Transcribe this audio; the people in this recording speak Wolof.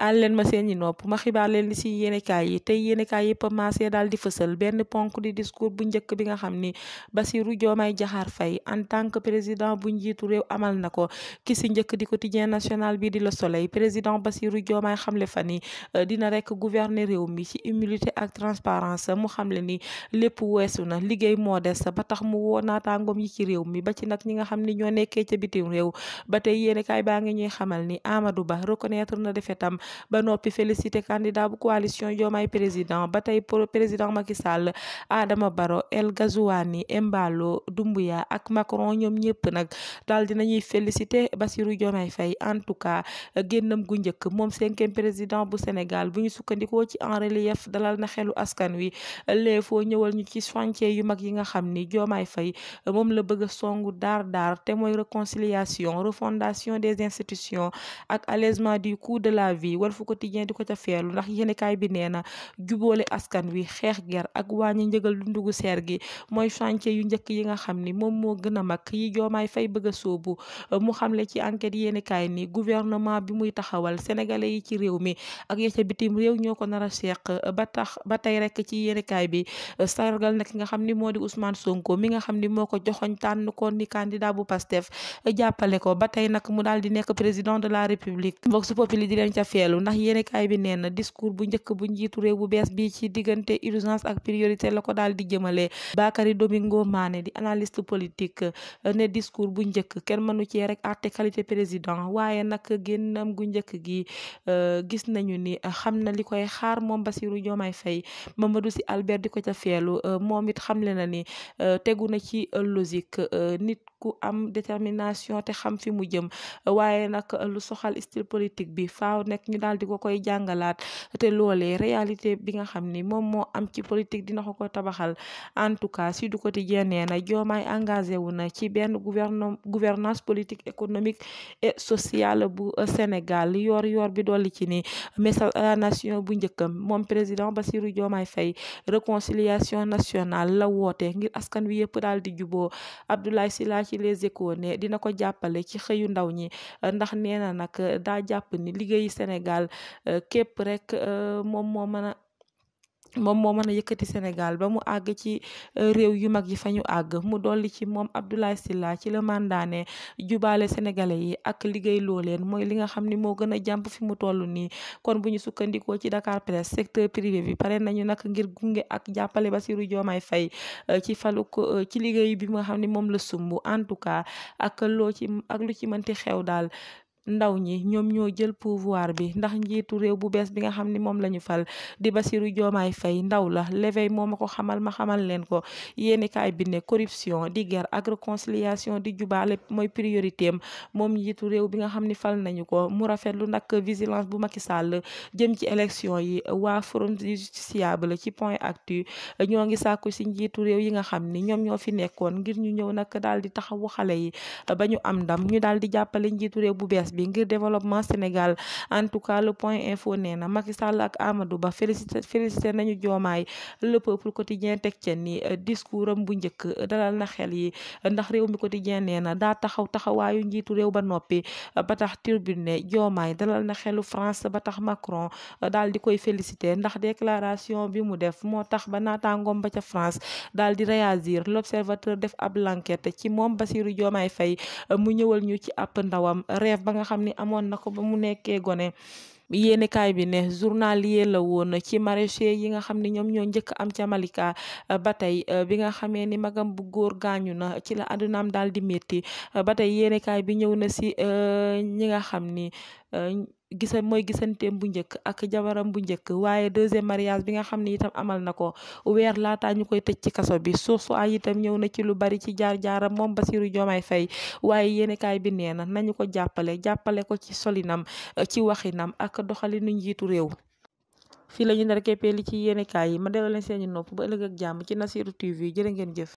àll leen ma seen i nopp ma xibaar leen li si yéenekaay yi tey yéenekaay yëpp a daal di fësal benn ponk di discours bu njëkk bi nga xam ni Bassirou Diomaye Diakhar Faye en tant que président bu njiitu réew amal na ko ki si njëkk di quotidien national bi di la Soleil président Bassirou Diomaye xamle fa ni euh, dina rek gouverner réew mi ci humilité ak transparence mu xamle ni lépp weesu na liggéey moo des ba tax mu woo naataangoom yi ci réew mi ba ci nag ñi nga xam ni ñoo nekkee ca réew ba tey yéenekaay baa ngi ñuy xamal ni Amadou Ba reconnaître na defetam ba noppi félicité candidat bu coalition Diomaye président ba tey président Macky Sall Adama Barrow El Ghazouani Embalo Doumbouya ak Macron ñoom ñëpp nag daal dinañuy félicité Bassirou Diomaye Faye en tout cas génnam gu njëkk moom cinquième président bu Sénégal bu ñu sukkandikoo ci en relief dalal na xelu askan wi léefoo ñëwal ñu ci chantier yu mag yi nga xam ni Diomaye Faye moom la bëgg a songu daar daar te mooy réconciliation refondation des institutions ak allègement Walf Quotidien di ko ca feelu ndax yéenekaay bi nee na jubóole askan wi xeex ger ak wàññi njëgal dundu gu seer gi mooy chantier yu njëkk yi nga xam ni moom moo gën a mag yi joomaay fay bëgg a mu xam le ci enquête yéenekaay ni gouvernement bi muy taxawal sénégalais yi ci réew mi ak ya bitim réew ñoo ko nar a seq ba tax ba tey rek ci yéenekaay bi sargal na ki nga xam ni moo di Ousmane Sonko mi nga xam ni moo ko joxoñ tànn ko ni candidat bu Pastef jàppale ko ba tey nag mu daal di nekk président de la république barkeelu ndax yéenekaay bi nee na discours bu njëkk bu njiitu réew bu bees bi ci diggante urgence ak priorité la ko daal di jëmale Bakary Domingo Mané di analyste politique euh, ne discours bu njëkk kenn mënu cee rek àtte qualité président waaye nag génnam gu njëkk gi euh, gis nañu ni euh, xam na li koy xaar moom Bassirou Diomaye Faye Mamadou Sy Albert di ko ca feelu moom it xamle na ni tegu na ci logique nit ku am détermination te xam fi mu jëm waaye nag lu soxal style politique bi faaw nekk ñu daal di ko koy jàngalaat te loole réalité bi nga xam ni moom moo am ci politique dina ko ko tabaxal en tout cas si du quotidien nee na joomay engagé wu na ci benn gouvernement gouvernance politique économique et sociale bu Sénégal yoor yoor bi dolli ci ni message nation bu njëkkam moom président Bassirou Diomaye Faye réconciliation nationale la woote ngir askan wi yëpp daal di ci les échos ne dina ko jàppale ci xëyu ndaw ñi ndax nee na nag daa jàpp ni liggéeyu Sénégal képp rek moom moo mën a moom moo mën a yëkkati Sénégal ba mu àgg ci euh, réew yu mag yi fa ñu àgg mu dolli ci moom Abdoulaye Sylla ci la mandaane jubaale sénégalais yi ak liggéey loo leen mooy li nga xam ni moo gën a jàmp fi mu toll nii kon bu ñu sukkandikoo ci Dakar Presse secteur privé bi pare nañu nag ngir gunge ak jàppale ba Bassirou Diomaye Faye euh, ci faluk euh, ci liggéey bi mu nga xam ne moom la sumb en tout cas ak loo ci ak lu ci mënti xew daal ndaw ñi ñoom ñoo jël pouvoir bi ndax njiitu réew bu bees bi nga xam ni moom la ñu fal di Bassirou Diomaye Faye ndaw la l'éveil moo ma ko xamal ma xamal leen ko yéenikaay bi ne corruption di guerre ak réconciliation di jubale mooy priorité am moom njiitu réew bi nga xam ni fal nañu ko mu rafetlu nag vigilance bu Macky Sall jëm ci élection yi waa forum du ci point actu ñoo ngi sàkku si njiitu réew yi nga xam ni ñoom ñoo fi nekkoon ngir ñu ñëw nag daal di taxawu xale yi ba am ndam ñu daal bu bees bi ngir développement Sénégal en tout cas le point info nee na Macky Sall ak Amadou Ba félicité félicité nañu joomaay le peuple quotidien teg ca ni euh, discours am bu njëkk euh, dalal na xel yi ndax réew mi quotidien nee na daa taxaw taxawaayu njiitu réew ba noppi euh, ba tax turbine joomaay dalal na xelu France ba tax Macron daal di koy félicité ndax déclaration bi mu def moo tax ba naataangoom ba ca France daal di réagir l'observateur def ab l'enquête ci moom Bassirou Diomaye ba nga nga xam ni amoon na ko ba mu nekkee gone yéenekaay bi ne journalier la woon ci maraîcher yi nga xam ne ñoom ñoo njëkk am ca Malika ba tey eh, bi nga xamee ni magam bu góor gaañu na ci la àddunaam dal di métti ba tey yéenekaay bi ñëw na si eh, ñi nga xam ni eh, gisa mooy gisanteem bu njëkk ak jamaram bu njëkk waaye deuxième mariage bi nga xam ne itam amal na ko weer laataa ñu koy tëj ci kaso bi source ay itam ñëw na ci lu bari ci jaar-jaaram moom ba Bassirou Diomaye Faye waaye yéenekaay bi nee na nañu ko jàppale jàppale ko ci solinam euh, ci waxinam ak doxalinu njiitu réew fi la ñu nar keppee li ci yéenekaay yi ma delloo leen seeni nopp ba ëllëg ak jàmm ci Nasiru TV jërë ngeen jëf